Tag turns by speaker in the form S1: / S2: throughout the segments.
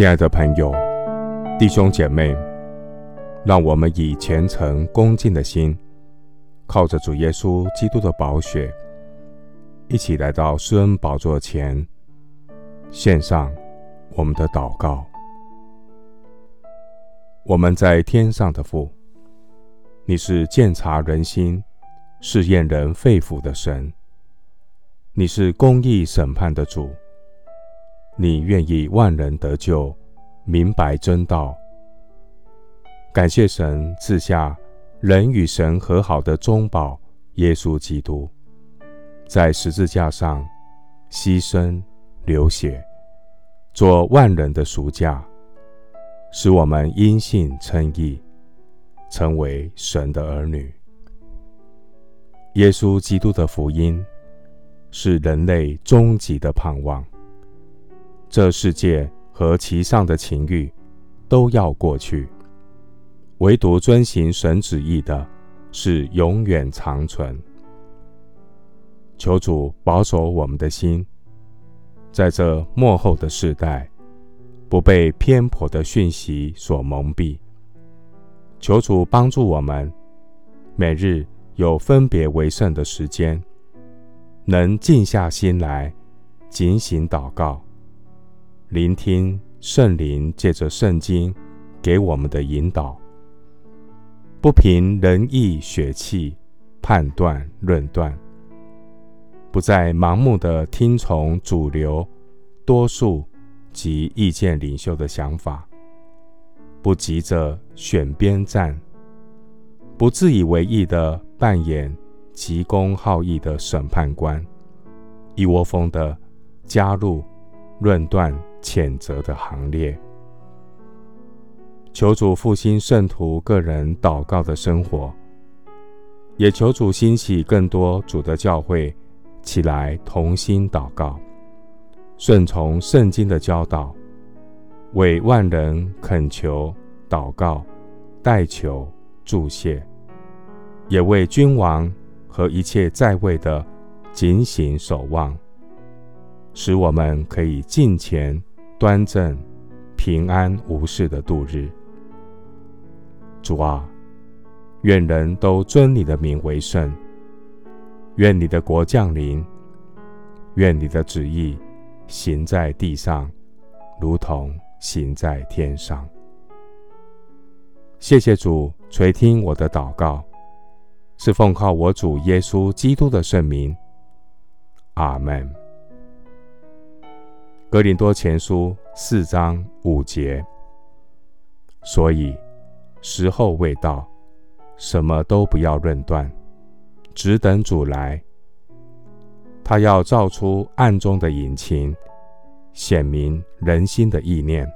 S1: 親愛的朋友、弟兄姐妹，讓我們以虔誠恭敬的心，靠着主耶穌基督的寶血，一起來到施恩寶座前，獻上我們的禱告。我們在天上的父，你是鑒察人心、試驗人肺腑的神，你是公義審判的主。你願意萬人得救，明白真道。感謝神賜下人與神和好的中保耶穌基督，在十字架上犧牲流血，做萬人的贖價，使我們因信稱義，成為神的兒女。耶穌基督的福音是人類終極的盼望。這世界和其上的情慾都要過去，唯獨遵行神旨意的是永遠長存。求主保守我們的心，在這末後的世代，不被偏頗的訊息所蒙蔽。求主幫助我們，每日有分別為聖的時間，能靜下心來，警醒禱告。聆聽聖靈借着聖經給我們的引導，不憑人意血氣判斷論斷，不再盲目的聽從主流、多數及意見領袖的想法，不急着選邊站，不自以為意的扮演急公好義的審判官，一窩蜂的加入論斷。譴責的行列。求主復興聖徒個人禱告的生活，也求主興起更多主的教會起來同心禱告，順從聖經的教導，為萬人懇求禱告、代求、祝謝，也為君王和一切在位的警醒守望，使我們可以敬虔。端正、平安無事的度日。主啊，願人都尊你的名為聖。願你的國降臨。願你的旨意行在地上，如同行在天上。謝謝主垂聽我的禱告，是奉靠我主耶穌基督的聖名。阿門。哥林多前書四章五節，所以時候未到，什麼都不要論斷，只等主來。他要照出暗中的隱情，顯明人心的意念。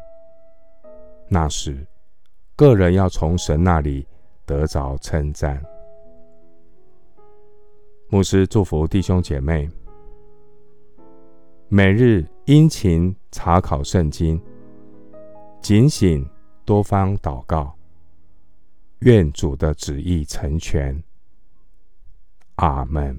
S1: 那時，各人要從神那裡得着稱讚。牧師祝福弟兄姐妹，每日。殷勤查考聖經，警醒多方禱告，願主的旨意成全。阿門。